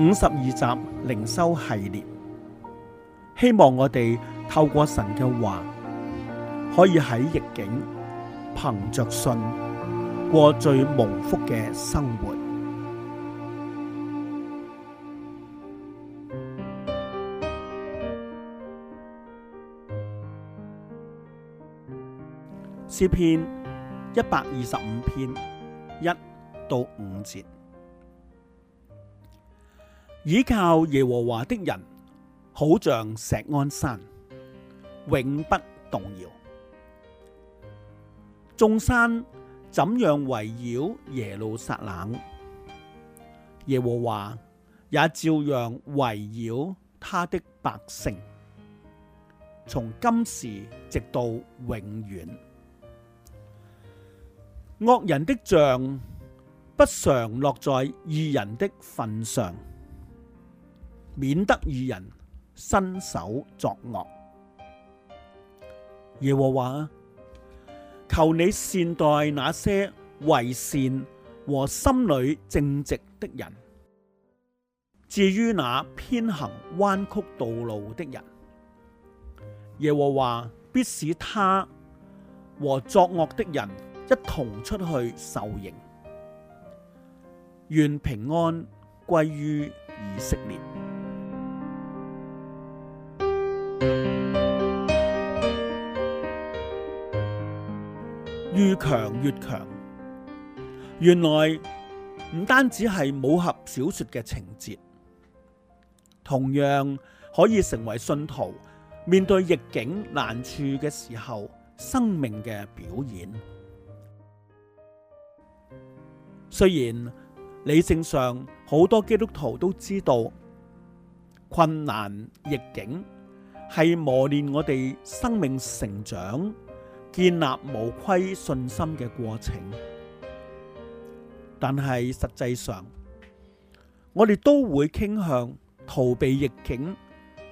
五十二集靈修系列，希望我哋透過神嘅話，可以喺逆境，憑着信過最蒙福嘅生活。詩篇一百二十五篇，一到五節。倚靠耶和華的人，好像錫安山，永不動搖。眾山怎樣圍繞耶路撒冷，耶和華也照樣圍繞他的百姓，從今時直到永遠。惡人的杖不常落在義人的份上。免得二人伸手作惡。耶和華，求你善待那些為善和心裏正直的人。至於那偏行彎曲道路的人，耶和華必使他和作惡的人一同出去受刑。願平安歸於以色列。強越強，原來唔單止係武俠小說嘅情節，同樣可以成為信徒面對逆境難處嘅時候生命嘅表現。雖然理性上好多基督徒都知道困難逆境係磨練我哋生命成長，建立無虧信心嘅過程，但係實際上，我哋都會傾向逃避逆境，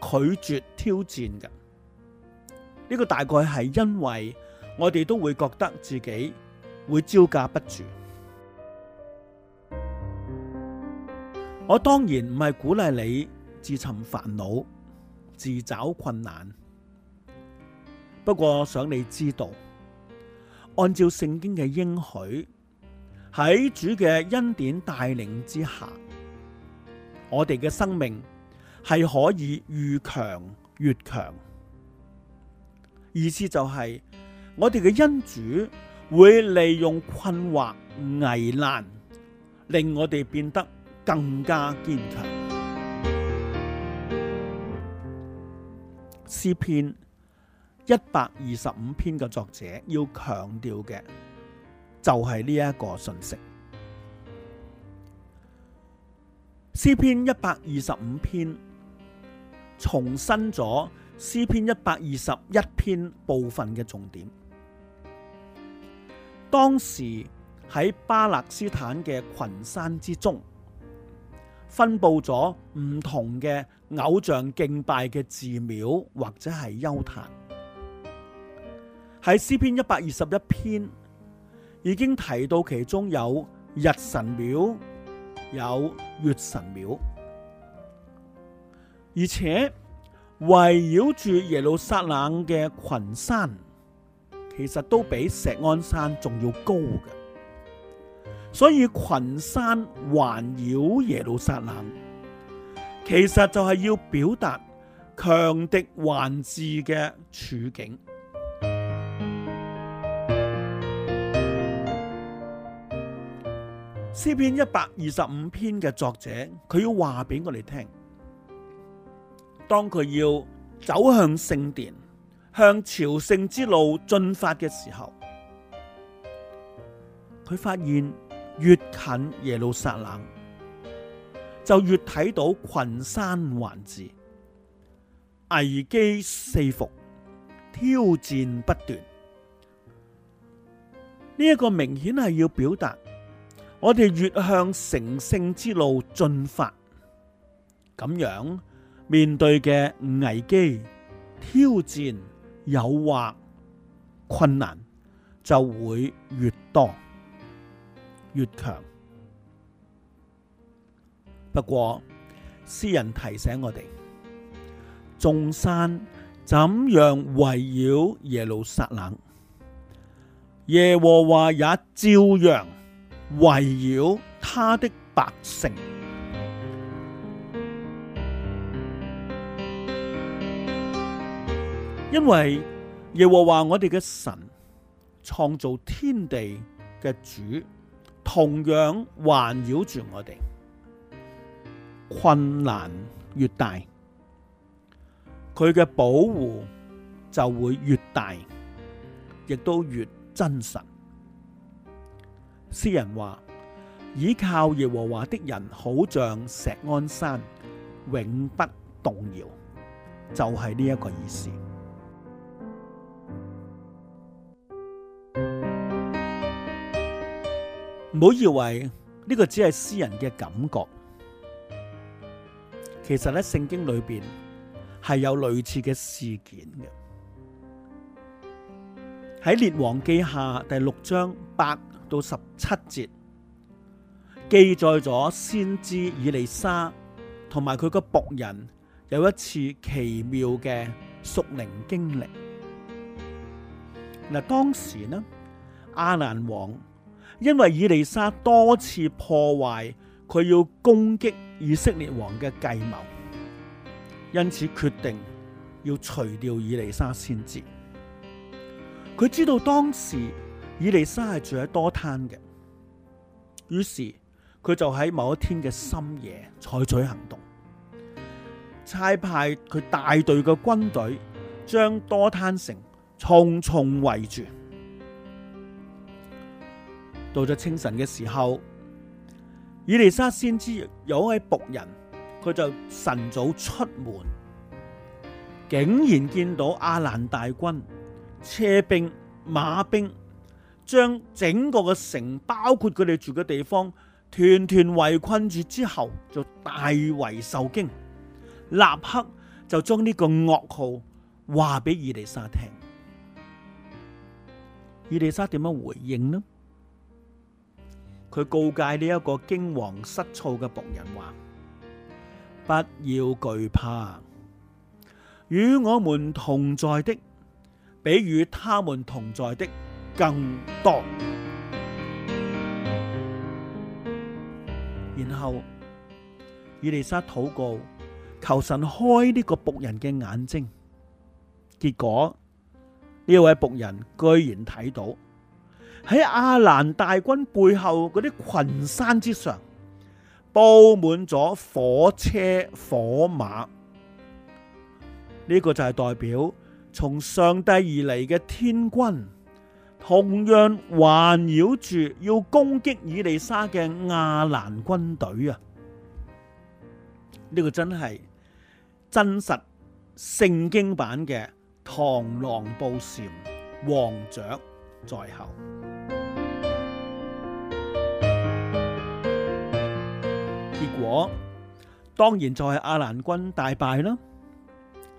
拒絕挑戰嘅。呢個大概係因為我哋都會覺得自己會招架不住。我當然唔係鼓勵你自尋煩惱、自找困難。不過想你知道，按照聖經嘅應許，喺主嘅恩典帶領之下，我哋嘅生命係可以愈強愈強。意思就係、是、我哋嘅恩主會利用困惑危難，令我哋變得更加堅強。詩篇。一百二十五篇嘅作者要強調嘅就係呢一個信息。詩篇一百二十五篇重申咗詩篇一百二十一篇部分嘅重點。當時喺巴勒斯坦嘅群山之中，分佈咗唔同嘅偶像敬拜嘅寺廟或者係丘壇。喺詩篇一百二十一篇已經提到，其中有日神廟，有月神廟，而且圍繞住耶路撒冷嘅群山，其實都比錫安山仲要高嘅。所以群山環繞耶路撒冷，其實就係要表達強敵環伺嘅處境。詩篇一百二十五篇嘅作者，佢要話俾我哋聽，當佢要走向聖殿，向朝聖之路進發嘅時候，佢發現越近耶路撒冷，就越睇到群山環峙，危機四伏，挑戰不斷。呢一個明顯係要表達。我哋越向成聖之路進發，咁樣面對嘅危機、挑戰、誘惑、困難就會越多、越強。不過，詩人提醒我哋：眾山怎樣圍繞耶路撒冷，耶和華也照樣。圍繞他的百姓，因為耶和華我哋嘅神，創造天地嘅主，同樣環繞住我哋。困難越大，佢嘅保護就會越大，亦都越真實。詩人話：倚靠耶和華的人，好像錫安山，永不動搖。就係呢一個意思。唔好以為呢個只係詩人嘅感覺，其實咧聖經裏邊係有類似嘅事件嘅。喺列王記下第六章八。到十七節記載咗先知以利沙同埋佢個僕人有一次奇妙嘅屬靈經歷。嗱，當時呢，亞蘭王因為以利沙多次破壞佢要攻擊以色列王嘅計謀，因此決定要除掉以利沙先知。佢知道當時，以利沙係住喺多坍嘅，於是佢就喺某一天嘅深夜採取行動，差派佢大隊嘅軍隊將多坍城重重圍住。到咗清晨嘅時候，以利沙先知有位僕人，佢就晨早出門，竟然見到亞蘭大軍車兵馬兵。將整個嘅城，包括佢哋住嘅地方，團團圍困住之後，就大為受驚，立刻就將呢個噩耗話俾以利沙聽。以利沙點樣回應呢？佢告誡呢一個驚惶失措嘅僕人話：「不要懼怕，與我們同在的，比與他們同在的。更多，然後以利沙禱告，求神開呢個僕人嘅眼睛。結果呢位僕人居然睇到喺亞蘭大軍背後嗰啲群山之上，布滿咗火車火馬。呢、這個就係代表從上帝而嚟嘅天軍。同樣環繞住要攻擊以利沙嘅亞蘭軍隊啊！呢個真係真實聖經版嘅螳螂捕蟬，黃雀在後。結果當然就係亞蘭軍大敗啦。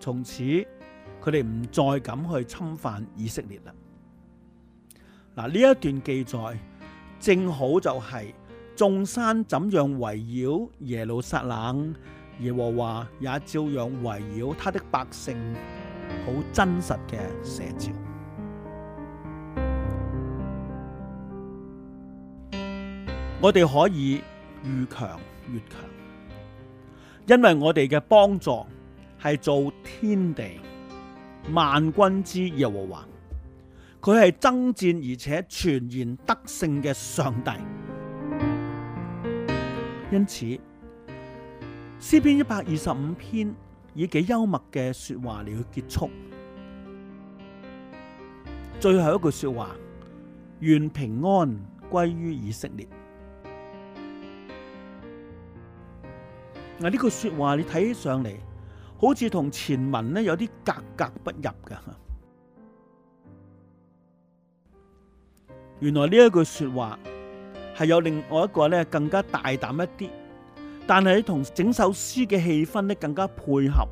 從此佢哋唔再敢去侵犯以色列啦。嗱，呢一段記載正好就係眾山怎樣圍繞耶路撒冷，耶和華也照樣圍繞他的百姓，好真實嘅寫照。我哋可以遇強越強，因為我哋嘅幫助係做天地萬軍之耶和華。佢係征戰而且全然得勝嘅上帝，因此詩篇一百二十五篇以幾幽默嘅說話嚟去結束，最後一句說話願平安歸於以色列。嗱，呢句說話你睇起上嚟，好似同前文咧有啲格格不入噶。原來呢一句說話係有另外一個咧，更加大膽一啲，但係同整首詩嘅氣氛咧更加配合，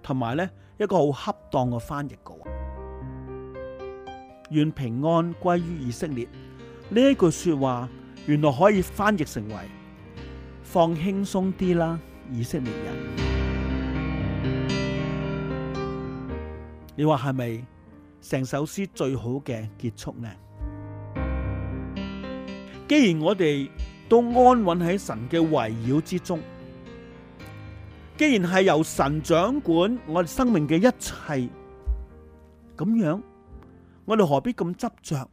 同埋咧一個好恰當嘅翻譯嘅話，願平安歸於以色列呢一句說話，原來可以翻譯成為放輕鬆啲啦，以色列人。你話係咪成首詩最好嘅結束呢？既然我哋都安穩喺神嘅圍繞之中，既然係由神掌管我哋生命嘅一切，咁樣我哋何必咁執着、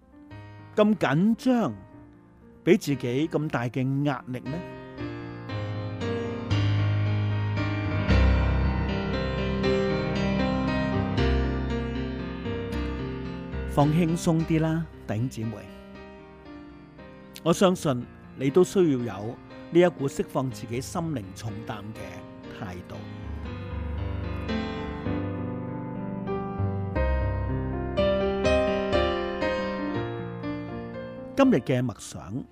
咁緊張，俾自己咁大嘅壓力呢？放輕鬆啲啦，弟兄姊妹。我相信你都需要有呢一股釋放自己心靈重擔嘅態度。今日嘅默想，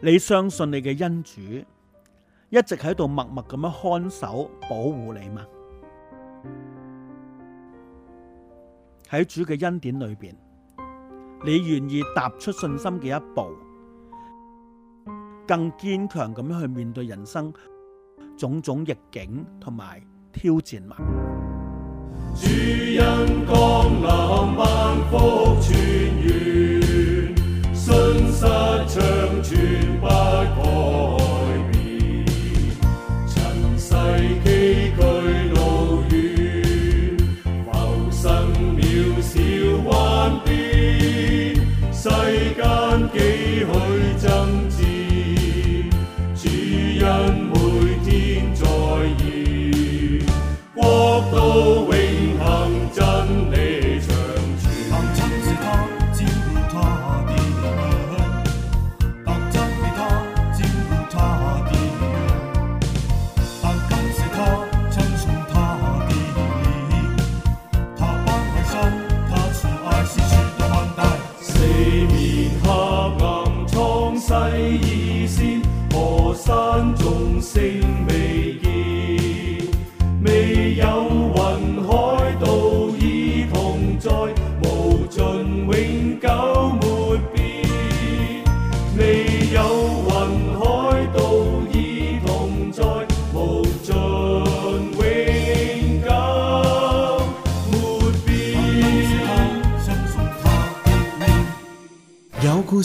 你相信你嘅恩主一直喺度默默咁樣看守、保護你嗎？喺主嘅恩典裏邊。你願意踏出信心嘅一步，更堅強咁去面對人生種種逆境同埋挑戰嗎？